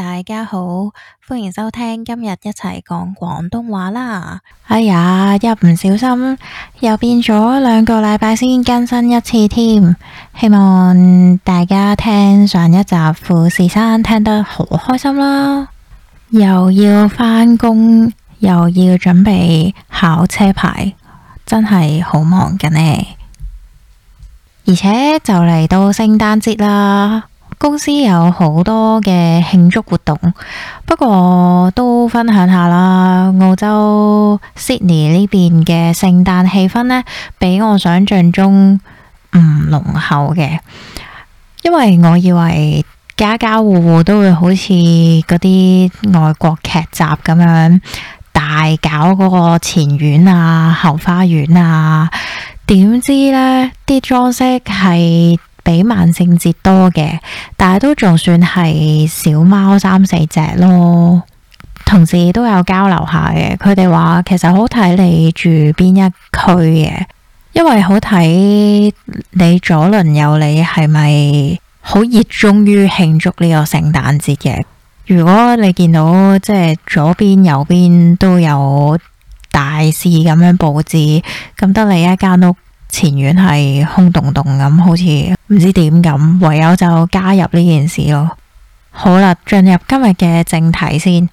大家好，歡迎收聽今日一齊講廣東話啦！哎呀，一唔小心又變咗兩個禮拜先更新一次添，希望大家聽上一集富士山聽得好開心啦！又要返工，又要準備考車牌，真係好忙緊呢。而且就嚟到聖誕節啦。公司有好多嘅慶祝活動，不過都分享下啦。澳洲 Sydney 呢邊嘅聖誕氣氛呢，比我想象中唔濃厚嘅，因為我以為家家戶戶都會好似嗰啲外國劇集咁樣大搞嗰個前院啊、後花園啊，點知呢啲裝飾係比萬聖節多嘅，但係都仲算係小貓三四隻咯。同事都有交流下嘅，佢哋話其實好睇你住邊一區嘅，因為好睇你左鄰右里係咪好熱衷於慶祝呢個聖誕節嘅。如果你見到即係左邊右邊都有大肆咁樣佈置，咁得你一間屋。前院係空洞洞咁，好似唔知點咁，唯有就加入呢件事咯。好啦，進入今日嘅正題先。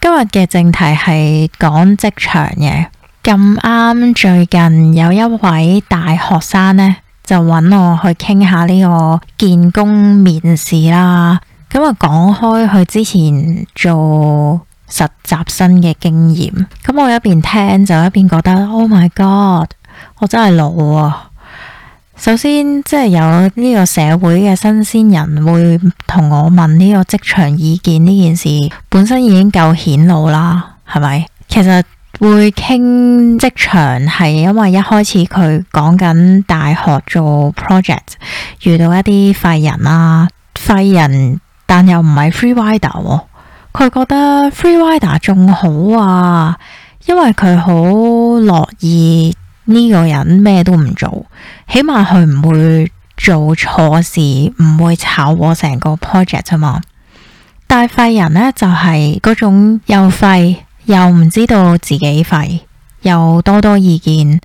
今日嘅正題係講職場嘅。咁啱最近有一位大學生呢，就搵我去傾下呢個見工面試啦。咁啊，講開佢之前做實習生嘅經驗，咁我一邊聽就一邊覺得 Oh my God！我真係老啊！首先，即係有呢個社會嘅新鮮人會同我問呢個職場意見呢件事，本身已經夠顯老啦，係咪？其實會傾職場係因為一開始佢講緊大學做 project 遇到一啲廢人啦，廢人但又唔係 f r e e l i d e r 佢覺得 f r e e l i d e r 仲好啊，因為佢好樂意。呢個人咩都唔做，起碼佢唔會做錯事，唔會炒我成個 project 啊嘛。但係廢人呢，就係嗰種又廢又唔知道自己廢，又多多意見，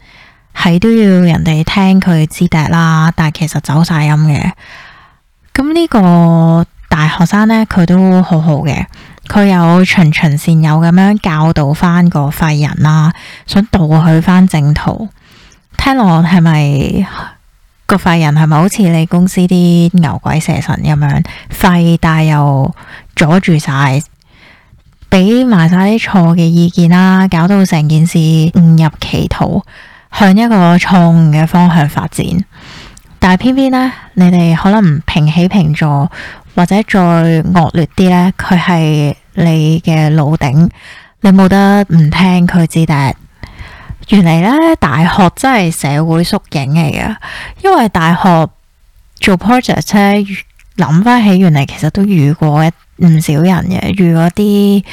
係都要人哋聽佢支笛啦，但係其實走晒音嘅。咁呢個大學生呢，佢都好好嘅，佢有循循善誘咁樣教導返個廢人啦，想導佢返正途。聽落係咪，個廢人係咪好似你公司啲牛鬼蛇神咁樣廢？大又阻住晒，俾埋晒啲錯嘅意見啦，搞到成件事誤入歧途，向一個錯誤嘅方向發展。但係偏偏呢，你哋可能唔平起平坐，或者再惡劣啲呢，佢係你嘅老頂，你冇得唔聽佢支笛。原嚟咧，大學真係社會縮影嚟㗎，因為大學做 project 咧，諗翻起原嚟，其實都遇過一唔少人嘅，遇過啲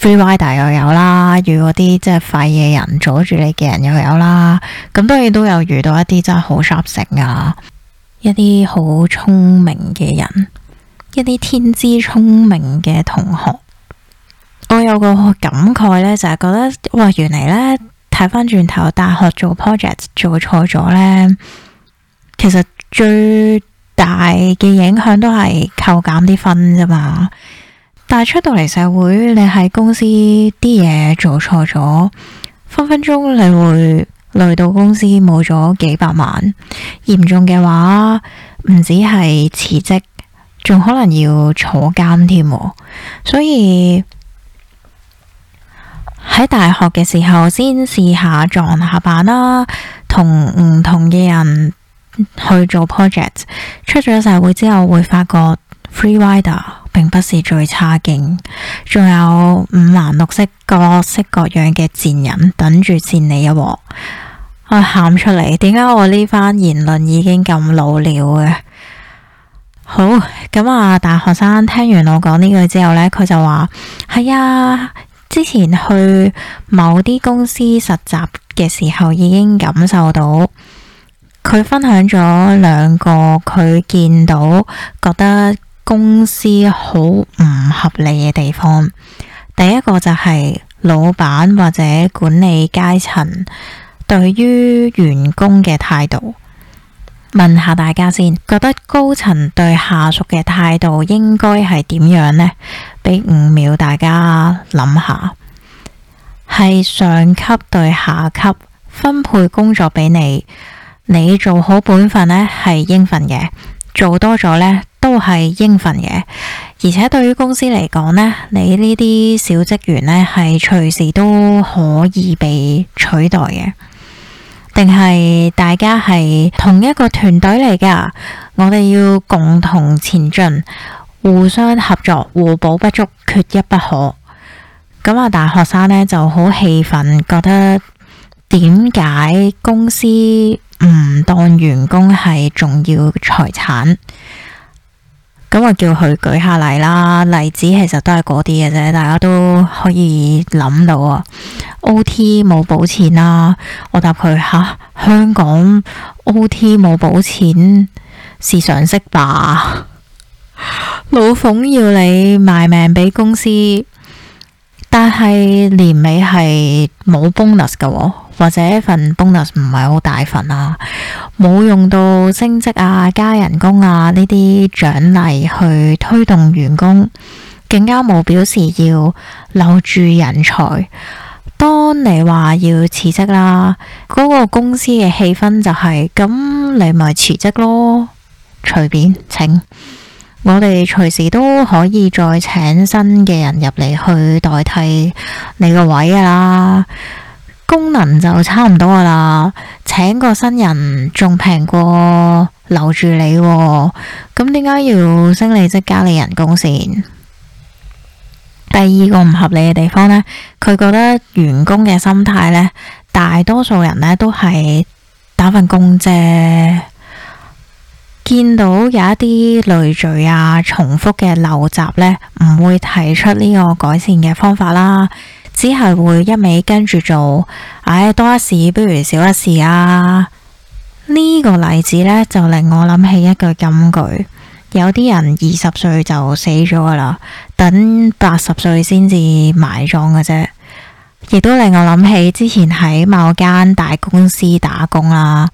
free rider 又有啦，遇過啲即係廢嘅人阻住你嘅人又有啦。咁當然都有遇到一啲真係好 sharp 啊，一啲好聰明嘅人，一啲天資聰明嘅同學。我有個感慨呢，就係覺得「哇，原嚟呢。」睇返轉頭，大學做 project 做錯咗呢，其實最大嘅影響都係扣減啲分啫嘛。但係出到嚟社會，你喺公司啲嘢做錯咗，分分鐘你會累到公司冇咗幾百萬。嚴重嘅話，唔止係辭職，仲可能要坐監添。所以。喺大學嘅時候，先試下撞下板啦，啊，同唔同嘅人去做 project。出咗社會之後，會發覺 free rider 並不是最差勁，仲有五顏六色、各式各樣嘅賤人等住賤你一鑊，啊哎，我喊出嚟。點解我呢番言論已經咁老了嘅？好，咁啊，大學生聽完我講呢句之後呢，佢就話：係啊。之前去某啲公司實習嘅時候，已經感受到，佢分享咗兩個佢見到覺得公司好唔合理嘅地方。第一個就係老闆或者管理階層對於員工嘅態度。問下大家先，覺得高層對下屬嘅態度應該係點樣呢？俾五秒大家諗下。係上級對下級分配工作俾你，你做好本份呢係應份嘅，做多咗呢都係應份嘅。而且對於公司嚟講呢，你呢啲小職員呢係隨時都可以被取代嘅。定係大家係同一個團隊嚟噶，我哋要共同前進，互相合作，互補不足，缺一不可。咁啊，大學生呢就好氣憤，覺得點解公司唔當員工係重要財產？咁我叫佢舉下例啦，例子其實都係嗰啲嘅啫，大家都可以諗到 OT 啊。O T 冇補錢啦，我答佢吓，香港 O T 冇補錢是常識吧。老 馮要你賣命俾公司，但係年尾係冇 bonus 噶喎。或者份 bonus 唔係好大份啊，冇用到升職啊、加人工啊呢啲獎勵去推動員工，更加冇表示要留住人才。當你話要辭職啦，嗰、那個公司嘅氣氛就係、是、咁，你咪辭職咯，隨便請。我哋隨時都可以再請新嘅人入嚟，去代替你個位噶啦。功能就差唔多啦，請個新人仲平過留住你，哦，咁點解要升你職加你人工先？第二個唔合理嘅地方呢，佢覺得員工嘅心態呢，大多數人呢都係打份工啫，見到有一啲累贅啊、重複嘅陋習呢，唔會提出呢個改善嘅方法啦。只係會一味跟住做，唉、哎，多一事不如少一事啊！呢、這個例子呢，就令我諗起一句金句：有啲人二十歲就死咗噶啦，等八十歲先至埋葬嘅啫。亦都令我諗起之前喺某間大公司打工啦、啊，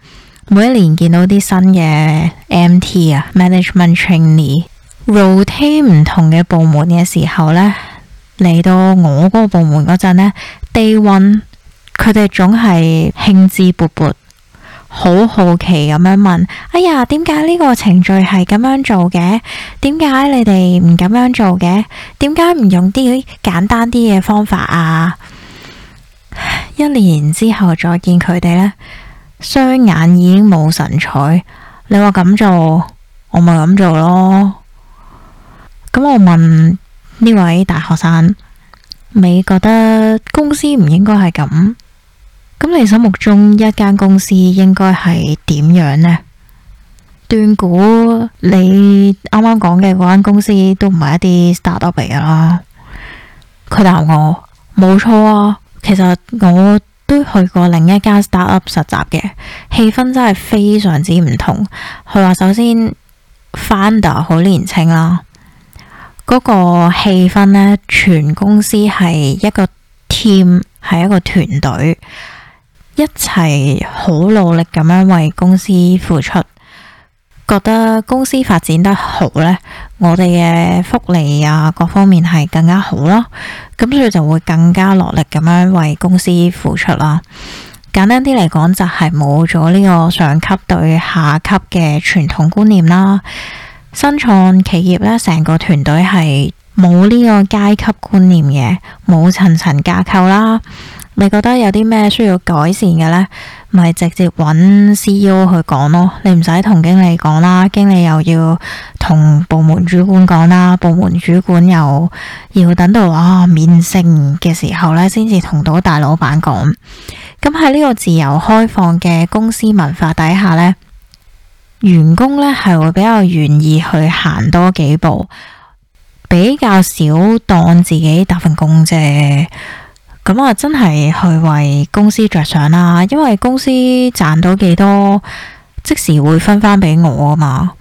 每一年見到啲新嘅 MT 啊，Management Trainee，rotate 唔同嘅部門嘅時候呢。嚟到我嗰個部門嗰陣呢 Day One，佢哋總係興致勃勃，好好奇咁樣問：哎呀，點解呢個程序係咁樣做嘅？點解你哋唔咁樣做嘅？點解唔用啲簡單啲嘅方法啊？一年之後再見佢哋呢，雙眼已經冇神采。你話咁做，我咪咁做咯。咁我問。呢位大學生，你覺得公司唔應該係咁，咁你心目中一間公司應該係點樣呢？斷估你啱啱講嘅嗰間公司都唔係一啲 startup 嚟㗎啦。佢答我：冇錯啊，其實我都去過另一間 startup 實習嘅，氣氛真係非常之唔同。佢話首先 founder 好年輕啦、啊。嗰個氣氛呢，全公司係一個 team，係一個團隊，一齊好努力咁樣為公司付出。覺得公司發展得好呢，我哋嘅福利啊，各方面係更加好囉。咁所以就會更加落力咁樣為公司付出啦。簡單啲嚟講，就係冇咗呢個上級對下級嘅傳統觀念啦。新創企業咧，成個團隊係冇呢個階級觀念嘅，冇層層架構啦。你覺得有啲咩需要改善嘅呢？咪直接揾 CEO 去講咯。你唔使同經理講啦，經理又要同部門主管講啦，部門主管又要等到啊面聖嘅時候呢，先至同到大老闆講。咁喺呢個自由開放嘅公司文化底下呢，員工呢係會比較願意去行多幾步，比較少當自己打份工啫。咁啊，真係去為公司着想啦，因為公司賺到幾多，即時會分返俾我啊嘛。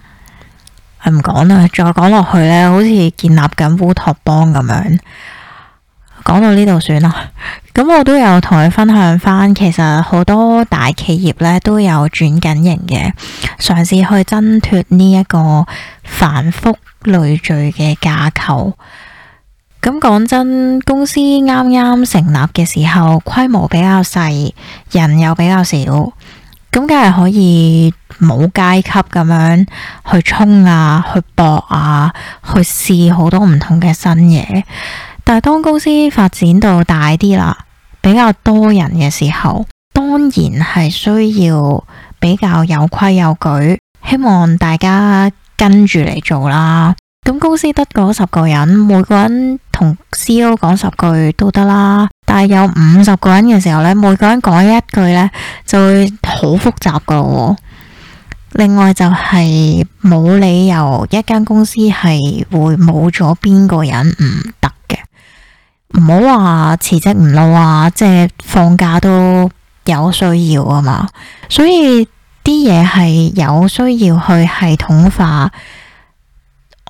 係唔講啦，再講落去呢，好似建立緊烏托邦咁樣。講到呢度算啦，咁我都有同佢分享翻，其實好多大企業咧都有轉緊型嘅，嘗試去掙脫呢一個繁複累贅嘅架構。咁講真，公司啱啱成立嘅時候，規模比較細，人又比較少，咁梗係可以冇階級咁樣去衝啊，去搏啊，去試好多唔同嘅新嘢。但係，當公司發展到大啲啦，比較多人嘅時候，當然係需要比較有規有矩，希望大家跟住嚟做啦。咁公司得嗰十個人，每個人同 CEO 講十句都得啦。但係有五十個人嘅時候呢，每個人講一句呢，就會好複雜噶。另外就係、是、冇理由一間公司係會冇咗邊個人唔。唔好話辭職唔撈啊，即係放假都有需要啊嘛。所以啲嘢係有需要去系統化。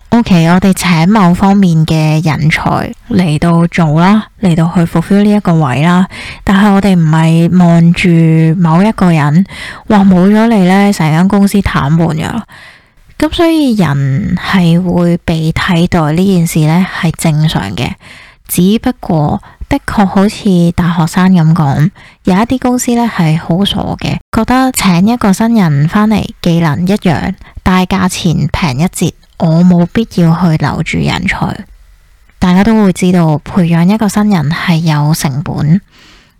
OK，我哋請某方面嘅人才嚟到做啦，嚟到去復 fill 呢一個位啦。但係我哋唔係望住某一個人，話，冇咗你呢，成間公司癱瘓咗。咁所以人係會被替代呢件事呢係正常嘅。只不過的確好似大學生咁講，有一啲公司呢係好傻嘅，覺得請一個新人返嚟技能一樣，但係價錢平一截，我冇必要去留住人才。大家都會知道培養一個新人係有成本，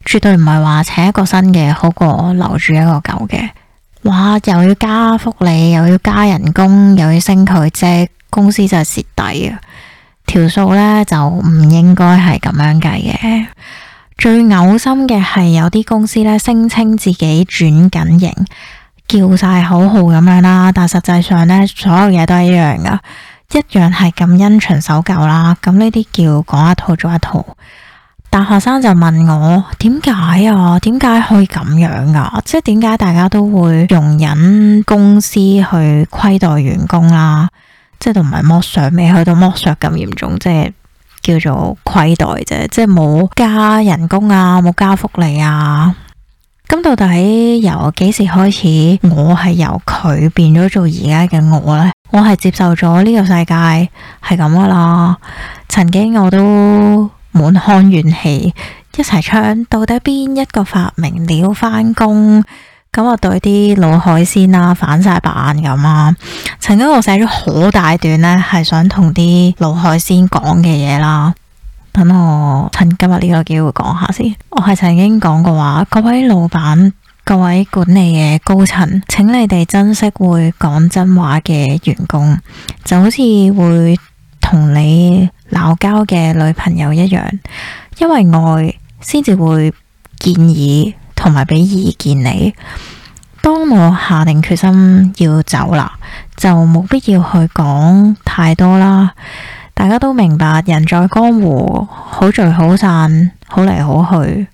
絕對唔係話請一個新嘅好過留住一個舊嘅。哇，又要加福利，又要加人工，又要升佢啫，公司就係蝕底啊！條數呢，就唔應該係咁樣計嘅。最嘔心嘅係有啲公司呢，聲稱自己轉緊型，叫晒口號咁樣啦，但實際上呢，所有嘢都係一樣噶，一樣係咁因循守舊啦。咁呢啲叫講一套做一套。大學生就問我點解啊？點解可以咁樣噶啊？即係點解大家都會容忍公司去虧待員工啦啊？即係都唔係剝削，未去到剝削咁嚴重，即係叫做虧待啫。即係冇加人工啊，冇加福利啊。咁到底由幾時開始，我係由佢變咗做而家嘅我呢？我係接受咗呢個世界係咁噶啦。曾經我都滿腔怨氣一齊唱，到底邊一個發明了返工？咁、嗯、我對啲老海鮮啦，反晒白眼咁啦。曾經我寫咗好大段呢，係想同啲老海鮮講嘅嘢啦。等我趁今日呢個機會講下先。我係曾經講過話，各位老闆、各位管理嘅高層，請你哋珍惜會講真話嘅員工，就好似會同你鬧交嘅女朋友一樣，因為愛先至會建議。同埋俾意見你。當我下定決心要走啦，就冇必要去講太多啦。大家都明白，人在江湖，好聚好散，好嚟好去。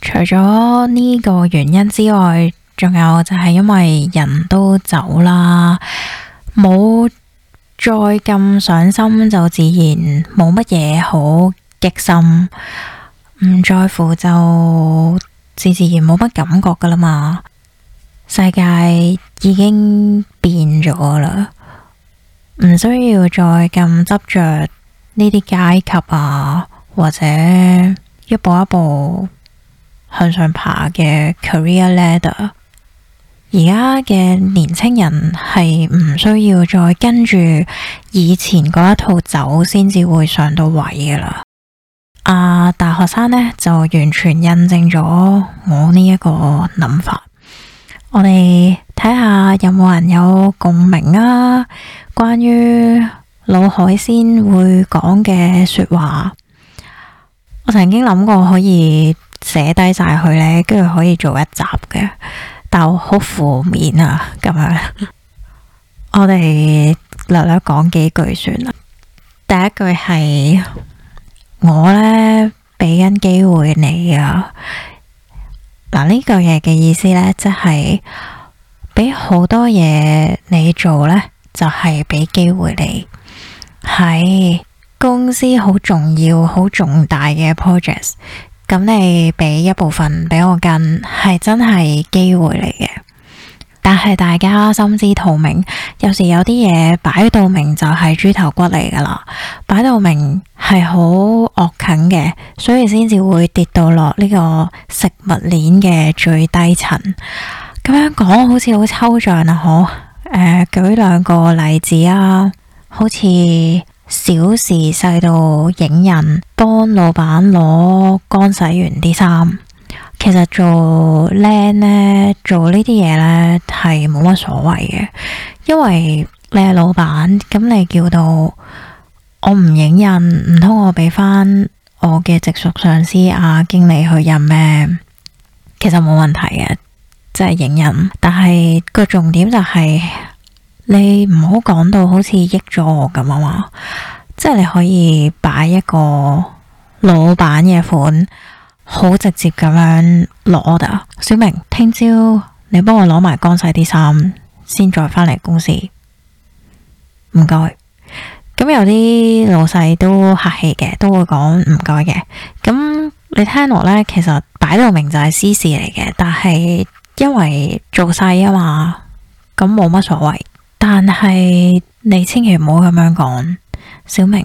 除咗呢個原因之外，仲有就係因為人都走啦，冇再咁上心，就自然冇乜嘢好激心。唔在乎就自自然冇乜感覺噶啦嘛，世界已經變咗啦，唔需要再咁執着呢啲階級啊，或者一步一步向上爬嘅 career ladder。而家嘅年青人係唔需要再跟住以前嗰一套走先至會上到位噶啦。啊！Uh, 大學生呢就完全印證咗我呢一個諗法。我哋睇下有冇人有共鳴啊？關於老海鮮會講嘅說話，我曾經諗過可以寫低晒佢呢，跟住可以做一集嘅，但好負面啊，咁樣。 我哋略略講幾句算啦。第一句係。我呢，俾緊機會你啊！嗱，呢個嘢嘅意思呢，就是，即係俾好多嘢你做呢，就係俾機會你喺公司好重要、好重大嘅 project。咁你俾一部分俾我跟，係真係機會嚟嘅。但係大家心知肚明，有時有啲嘢擺到明就係豬頭骨嚟噶啦，擺到明係好惡啃嘅，所以先至會跌到落呢個食物鏈嘅最低層。咁樣講好似好抽象啊，好？誒、呃，舉兩個例子啊，好似小時細到影人幫老闆攞乾洗完啲衫。其實做靚咧，做呢啲嘢咧係冇乜所謂嘅，因為你係老闆，咁你叫到我唔影印，唔通我俾翻我嘅直屬上司阿、啊、經理去印咩？其實冇問題嘅，即、就、係、是、影印。但係個重點就係、是、你唔好講到好似益咗我咁啊嘛，即係你可以擺一個老闆嘅款。好直接咁樣攞 order，小明，聽朝你幫我攞埋乾晒啲衫，先再返嚟公司。唔該。咁有啲老細都客氣嘅，都會講唔該嘅。咁你聽落呢，其實擺到明就係私事嚟嘅，但係因為做晒啊嘛，咁冇乜所謂。但係你千祈唔好咁樣講，小明，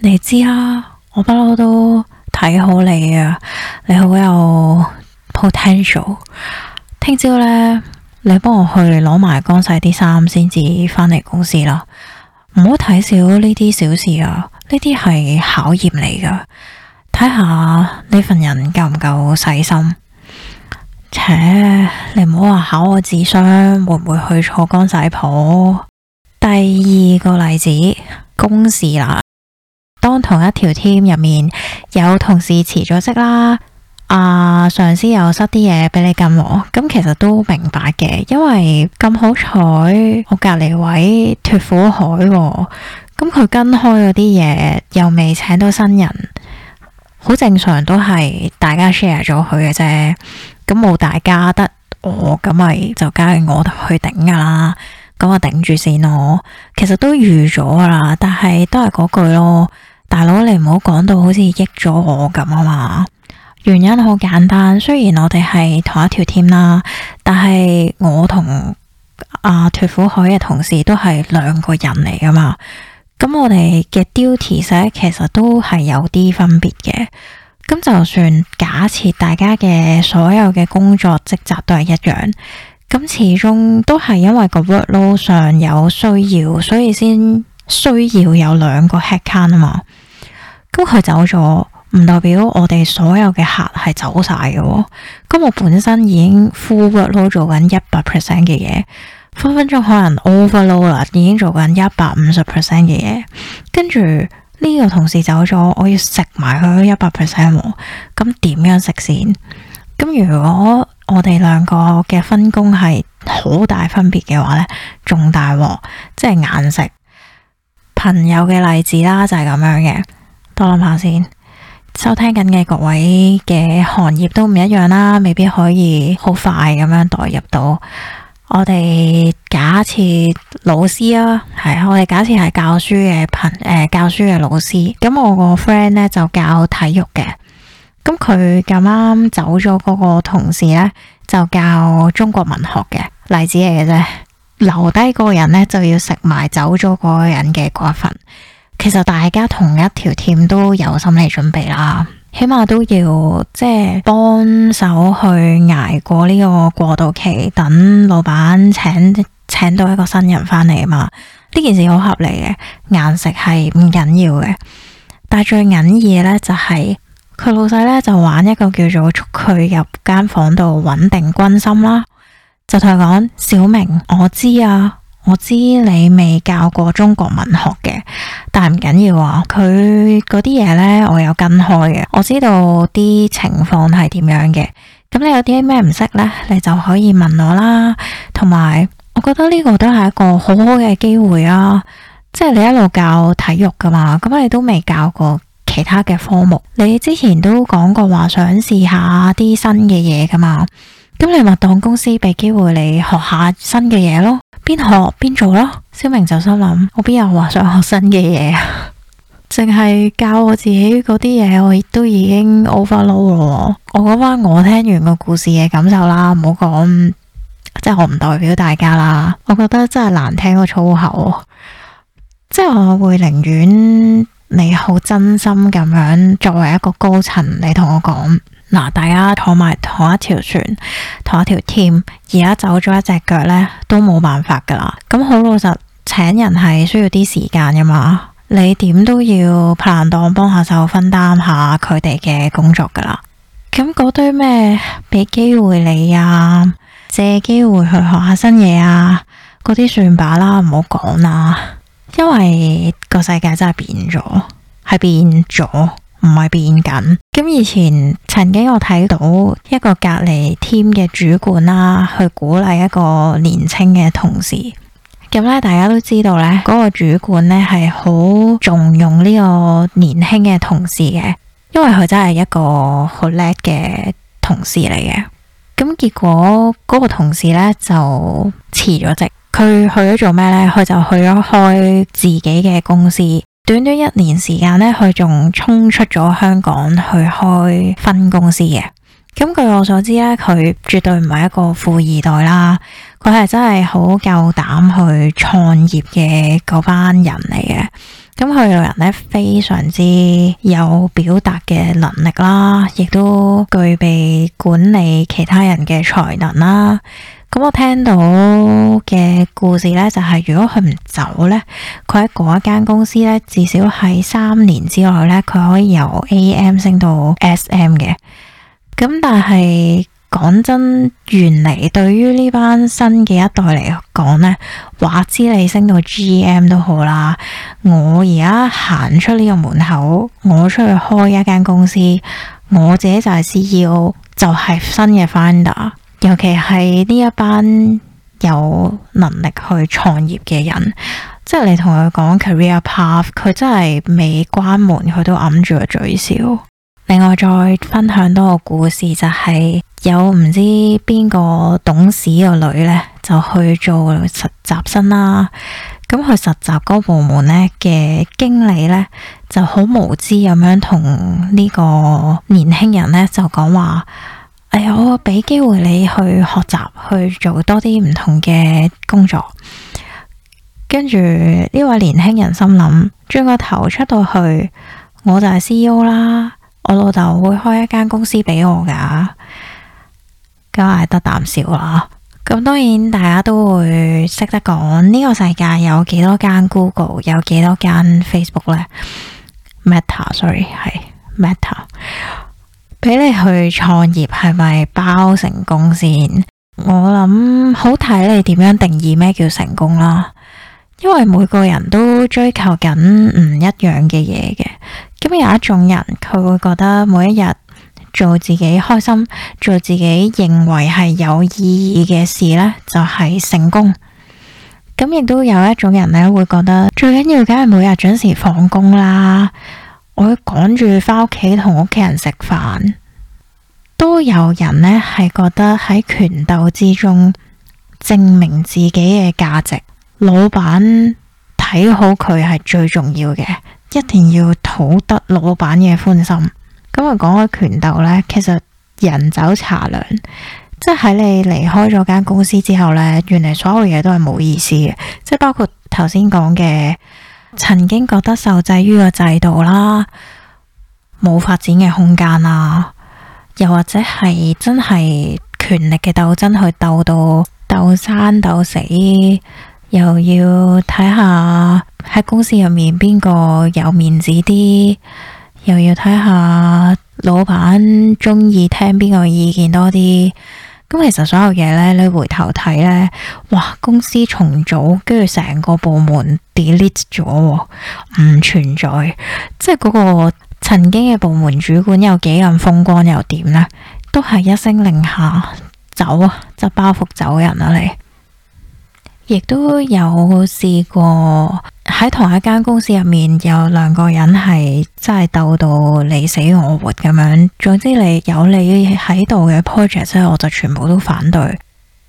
你知啦，我不嬲都。睇好你啊！你好有 potential。聽朝呢，你幫我去攞埋乾洗啲衫先至返嚟公司啦。唔好睇少呢啲小事啊！呢啲係考驗你噶，睇下呢份人夠唔夠細心。且你唔好話考我智商會唔會去坐乾洗鋪。第二個例子，公事啦。當同一條 team 入面有同事辭咗職啦，啊、呃，上司又塞啲嘢俾你跟我，咁其實都明白嘅。因為咁好彩，我隔籬位脫火海，咁佢跟開嗰啲嘢又未請到新人，好正常都係大家 share 咗佢嘅啫。咁冇大家得我，咁咪就交俾我去頂噶啦。咁我頂住先咯。其實都預咗噶啦，但係都係嗰句咯。大佬，你唔好講到好似益咗我咁啊嘛！原因好簡單，雖然我哋係同一條 team 啦，但係我同阿、啊、脱苦海嘅同事都係兩個人嚟噶嘛。咁我哋嘅 duties 其實都係有啲分別嘅。咁就算假設大家嘅所有嘅工作職責都係一樣，咁始終都係因為個 workload 上有需要，所以先需要有兩個 headcount 啊嘛。咁佢走咗，唔代表我哋所有嘅客係走晒嘅。咁我本身已經 full 做緊一百 percent 嘅嘢，分分鐘可能 overload 啦，已經做緊一百五十 percent 嘅嘢。跟住呢個同事走咗，我要食埋佢一百 percent 喎。咁點樣食先？咁如果我哋兩個嘅分工係好大分別嘅話呢，仲大鑊，即係硬食。朋友嘅例子啦，就係咁樣嘅。多諗下先。收聽緊嘅各位嘅行業都唔一樣啦，未必可以好快咁樣代入到。我哋假設老師啊，係啊，我哋假設係教書嘅頻誒，教書嘅老師。咁我個 friend 呢，就教體育嘅，咁佢咁啱走咗嗰個同事呢，就教中國文學嘅例子嚟嘅啫，留低個人呢，就要食埋走咗個人嘅嗰一份。其實大家同一條線都有心理準備啦，起碼都要即係幫手去捱過呢個過渡期，等老闆請請到一個新人返嚟啊嘛。呢件事好合理嘅，顏食係唔緊要嘅，但係最緊要呢，就係佢老細呢，就玩一個叫做捉佢入間房度穩定軍心啦，就同佢講小明，我知啊。我知你未教過中國文學嘅，但係唔緊要啊。佢嗰啲嘢呢，我有跟開嘅，我知道啲情況係點樣嘅。咁你有啲咩唔識呢？你就可以問我啦。同埋，我覺得呢個都係一個好好嘅機會啊。即係你一路教體育噶嘛，咁你都未教過其他嘅科目。你之前都講過話想試下啲新嘅嘢噶嘛，咁你咪當公司俾機會你學下新嘅嘢咯。邊學邊做咯，小明就心諗：我邊有話想學新嘅嘢啊淨 係教我自己嗰啲嘢，我亦都已經 overload 咯。我講翻我聽完個故事嘅感受啦，唔好講，即係我唔代表大家啦。我覺得真係難聽過粗口，即係我會寧願。你好，真心咁樣作為一個高層，你同我講，嗱，大家坐埋同一條船，同一條 team，而家走咗一隻腳呢，都冇辦法噶啦。咁好老實，請人係需要啲時間噶嘛，你點都要拍爛檔幫下手分擔下佢哋嘅工作噶啦。咁嗰堆咩，俾機會你啊，借機會去學下新嘢啊，嗰啲算罷啦，唔好講啦。因為個世界真係變咗，係變咗，唔係變緊。咁以前曾經我睇到一個隔離 team 嘅主管啦，去鼓勵一個年青嘅同事。咁咧，大家都知道咧，嗰個主管咧係好重用呢個年輕嘅同事嘅，因為佢真係一個好叻嘅同事嚟嘅。咁結果嗰個同事咧就辭咗職。佢去咗做咩呢？佢就去咗開自己嘅公司，短短一年時間呢，佢仲衝出咗香港去開分公司嘅。咁據我所知呢，佢絕對唔係一個富二代啦，佢係真係好夠膽去創業嘅嗰班人嚟嘅。咁佢個人呢，非常之有表達嘅能力啦，亦都具備管理其他人嘅才能啦。咁我聽到嘅故事呢，就係如果佢唔走呢，佢喺嗰一間公司呢，至少喺三年之內呢，佢可以由 A M 升到 S M 嘅。咁但係講真，原嚟對於呢班新嘅一代嚟講呢，話知你升到 G M 都好啦。我而家行出呢個門口，我出去開一間公司，我自己就係 C E O，就係新嘅 founder 尤其係呢一班有能力去創業嘅人，即係你同佢講 career path，佢真係未關門，佢都揞住個嘴笑。另外再分享多個故事，就係有唔知邊個董事個女呢，就去做實習生啦。咁去實習嗰個部門呢嘅經理呢，就好無知咁樣同呢個年輕人呢，就講話。誒，我俾、哎、機會你去學習，去做多啲唔同嘅工作，跟住呢位年輕人心諗，轉個頭出到去，我就係 C E O 啦。我老豆會開一間公司俾我噶，梗係得啖笑啦。咁當然，當然大家都會識得講呢、呢個世界有幾多間 Google，有幾多間 Facebook 咧，Meta，sorry 係。Met a, Sorry, 去創業係咪包成功先？我諗好睇你點樣定義咩叫成功啦。因為每個人都追求緊唔一樣嘅嘢嘅。咁有一種人佢會覺得每一日做自己開心，做自己認為係有意義嘅事呢，就係成功。咁亦都有一種人呢，會覺得最緊要梗係每日準時放工啦，我要趕住返屋企同屋企人食飯。都有人呢，係覺得喺權鬥之中證明自己嘅價值，老闆睇好佢係最重要嘅，一定要討得老闆嘅歡心。咁啊，講開權鬥呢，其實人走茶涼，即係喺你離開咗間公司之後呢，原來所有嘢都係冇意思嘅，即係包括頭先講嘅曾經覺得受制於個制度啦，冇發展嘅空間啦。又或者係真係權力嘅鬥爭，去鬥到鬥生鬥死，又要睇下喺公司入面邊個有面子啲，又要睇下老闆中意聽邊個意見多啲。咁其實所有嘢呢，你回頭睇呢，哇！公司重組，跟住成個部門 delete 咗，唔存在，即係嗰個。曾經嘅部門主管有幾咁風光又點呢？都係一聲令下走，就走啊，執包袱走人啦你。亦都有試過喺同一間公司入面有兩個人係真係鬥到你死我活咁樣。總之你有你喺度嘅 project 咧，我就全部都反對，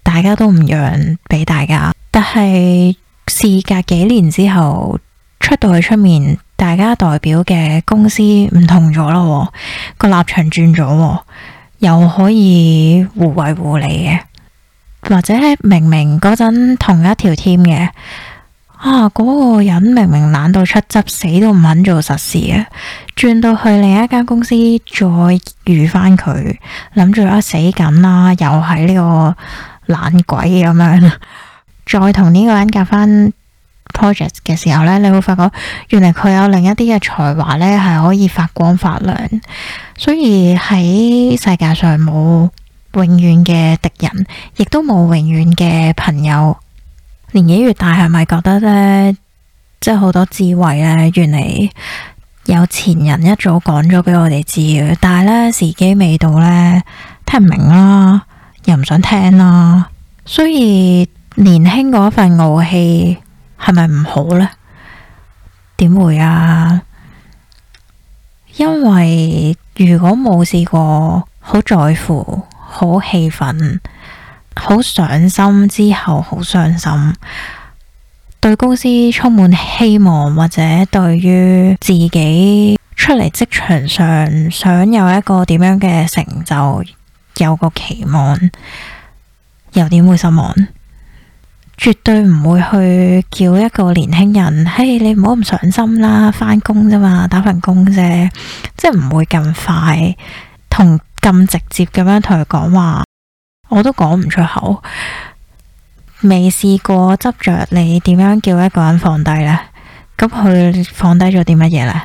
大家都唔讓俾大家。但係事隔幾年之後出到去出面。大家代表嘅公司唔同咗咯，個立場轉咗，又可以互惠互利嘅。或者明明嗰陣同一條 team 嘅啊，嗰、嗰個人明明懶到出汁，死都唔肯做實事轉啊，轉到去另一間公司再遇翻佢，諗住啊死緊啦，又係呢個懶鬼咁樣，再同呢個人夾翻 Project 嘅時候呢，你會發覺原嚟，佢有另一啲嘅才華呢，係可以發光發亮。所以喺世界上冇永遠嘅敵人，亦都冇永遠嘅朋友。年紀越大，係咪覺得呢？即係好多智慧呀，原嚟有前人一早講咗俾我哋知嘅，但係呢，時機未到呢，聽唔明啦，又唔想聽啦。所以年輕嗰份傲氣。係咪唔好呢？點會啊？因為如果冇試過，好在乎，好氣憤，好上心之後，好傷心，對公司充滿希望，或者對於自己出嚟職場上想有一個點樣嘅成就，有個期望，又點會失望？絕對唔會去叫一個年輕人，嘿，你唔好咁上心啦，返工啫嘛，打份工啫，即係唔會咁快，同咁直接咁樣同佢講話，我都講唔出口，未試過執着你點樣叫一個人放低呢？咁佢放低咗啲乜嘢呢？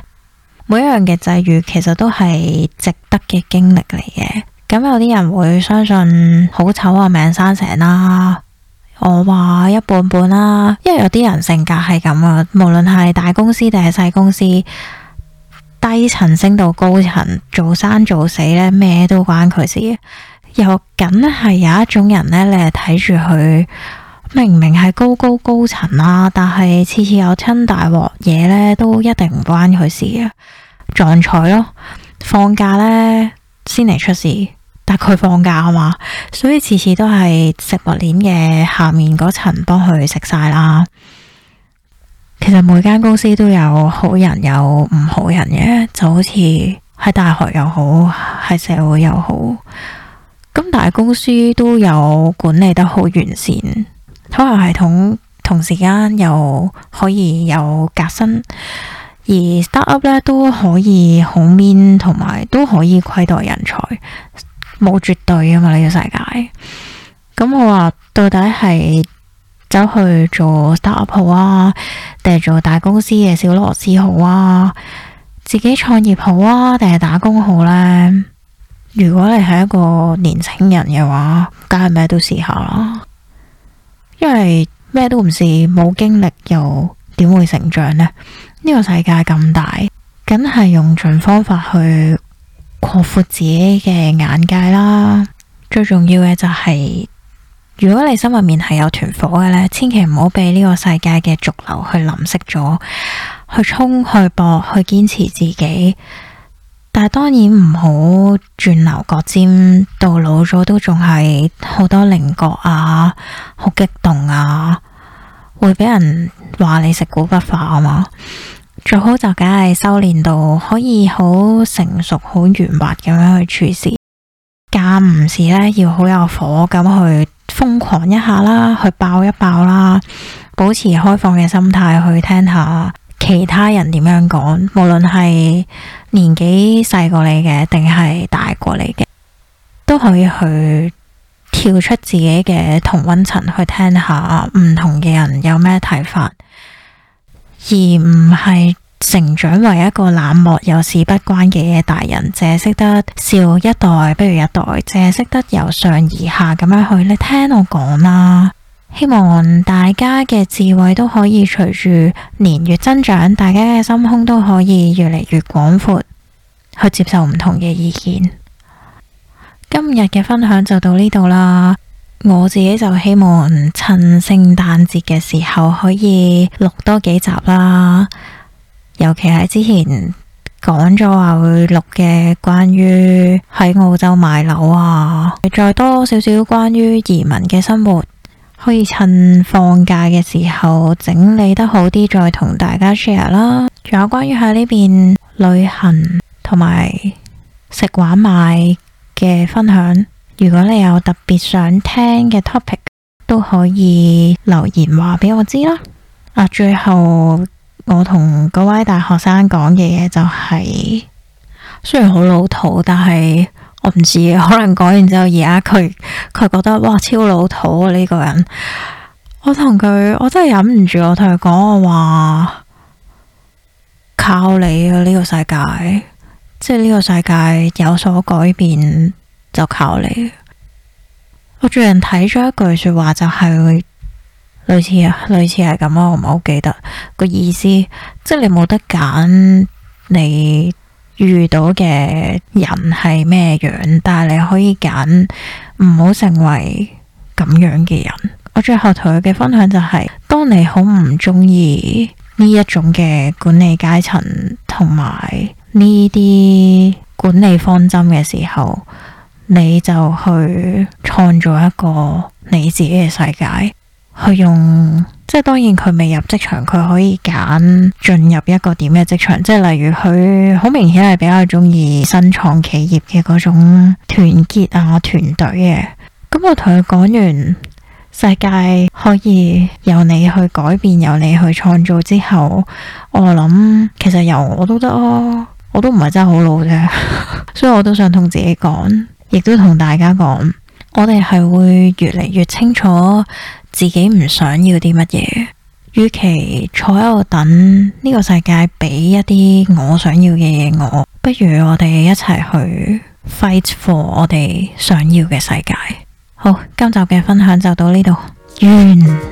每一樣嘅際遇其實都係值得嘅經歷嚟嘅。咁有啲人會相信好醜啊，命生成啦。我話一半半啦，因為有啲人性格係咁啊，無論係大公司定係細公司，低層升到高層，做生做死呢，咩都關佢事。又梗係有一種人呢，你係睇住佢明明係高高高層啦，啊，但係次次有親大鑊嘢呢，都一定唔關佢事啊。撞彩咯，放假呢，先嚟出事。大概放假啊嘛，所以次次都係食物鏈嘅下面嗰層幫佢食晒啦。其實每間公司都有好人有唔好人嘅，就好似喺大學又好，喺社會又好，咁大公司都有管理得好完善，考核系統同時間又可以有革新，而 start up 咧都可以好 mean，同埋都可以虧待人才。冇絕對啊嘛，呢個世界，咁我話到底係走去做大鋪啊，定係做大公司嘅小螺絲好啊？自己創業好啊？定係打工好呢？如果你係一個年輕人嘅話，梗係咩都試下啦，因為咩都唔試，冇經歷又點會成長呢？呢個世界咁大，梗係用盡方法去。擴闊自己嘅眼界啦，最重要嘅就係如果你心入面係有團火嘅呢，千祈唔好俾呢個世界嘅濁流去淋熄咗，去衝去搏去堅持自己，但係當然唔好轉牛角尖，到老咗都仲係好多稜角啊，好激動啊，會俾人話你食古不化啊嘛。最好就梗係修煉到可以好成熟、好圓滑咁樣去處事。間唔時咧，要好有火咁去瘋狂一下啦，去爆一爆啦。保持開放嘅心態去聽下其他人點樣講，無論係年紀細過你嘅，定係大過你嘅，都可以去跳出自己嘅同溫層去聽下唔同嘅人有咩睇法。而唔係成長為一個冷漠又事不關己嘅大人，淨係識得笑一代不如一代，淨係識得由上而下咁樣去。你聽我講啦，希望大家嘅智慧都可以隨住年月增長，大家嘅心胸都可以越嚟越廣闊，去接受唔同嘅意見。今日嘅分享就到呢度啦。我自己就希望趁聖誕節嘅時候可以錄多幾集啦，尤其係之前講咗話會錄嘅關於喺澳洲買樓啊，再多少少關於移民嘅生活，可以趁放假嘅時候整理得好啲，再同大家 share 啦。仲有關於喺呢邊旅行同埋食玩買嘅分享。如果你有特別想聽嘅 topic，都可以留言話俾我知啦。啊，最後我同嗰位大學生講嘅嘢就係，雖然好老土，但係我唔知，可能講完之後而家佢，佢覺得哇超老土啊呢個人。我同佢，我真係忍唔住我，我同佢講我話，靠你啊！呢個世界，即係呢個世界有所改變。就靠你。我最近睇咗一句說話，就係類似啊，類似係咁咯，我唔好記得個意思。即係你冇得揀，你遇到嘅人係咩樣，但係你可以揀唔好成為咁樣嘅人。我最後同佢嘅分享就係、是，當你好唔中意呢一種嘅管理階層同埋呢啲管理方針嘅時候。你就去創造一個你自己嘅世界，去用，即係當然佢未入職場，佢可以揀進入一個點嘅職場，即係例如佢好明顯係比較中意新創企業嘅嗰種團結啊團隊嘅。咁我同佢講完，世界可以由你去改變，由你去創造之後，我諗其實由我都得咯，啊，我都唔係真係好老啫， 所以我都想同自己講。亦都同大家講，我哋係會越嚟越清楚自己唔想要啲乜嘢。與其坐喺度等呢個世界俾一啲我想要嘅嘢，我不如我哋一齊去 fight for 我哋想要嘅世界。好，今集嘅分享就到呢度完。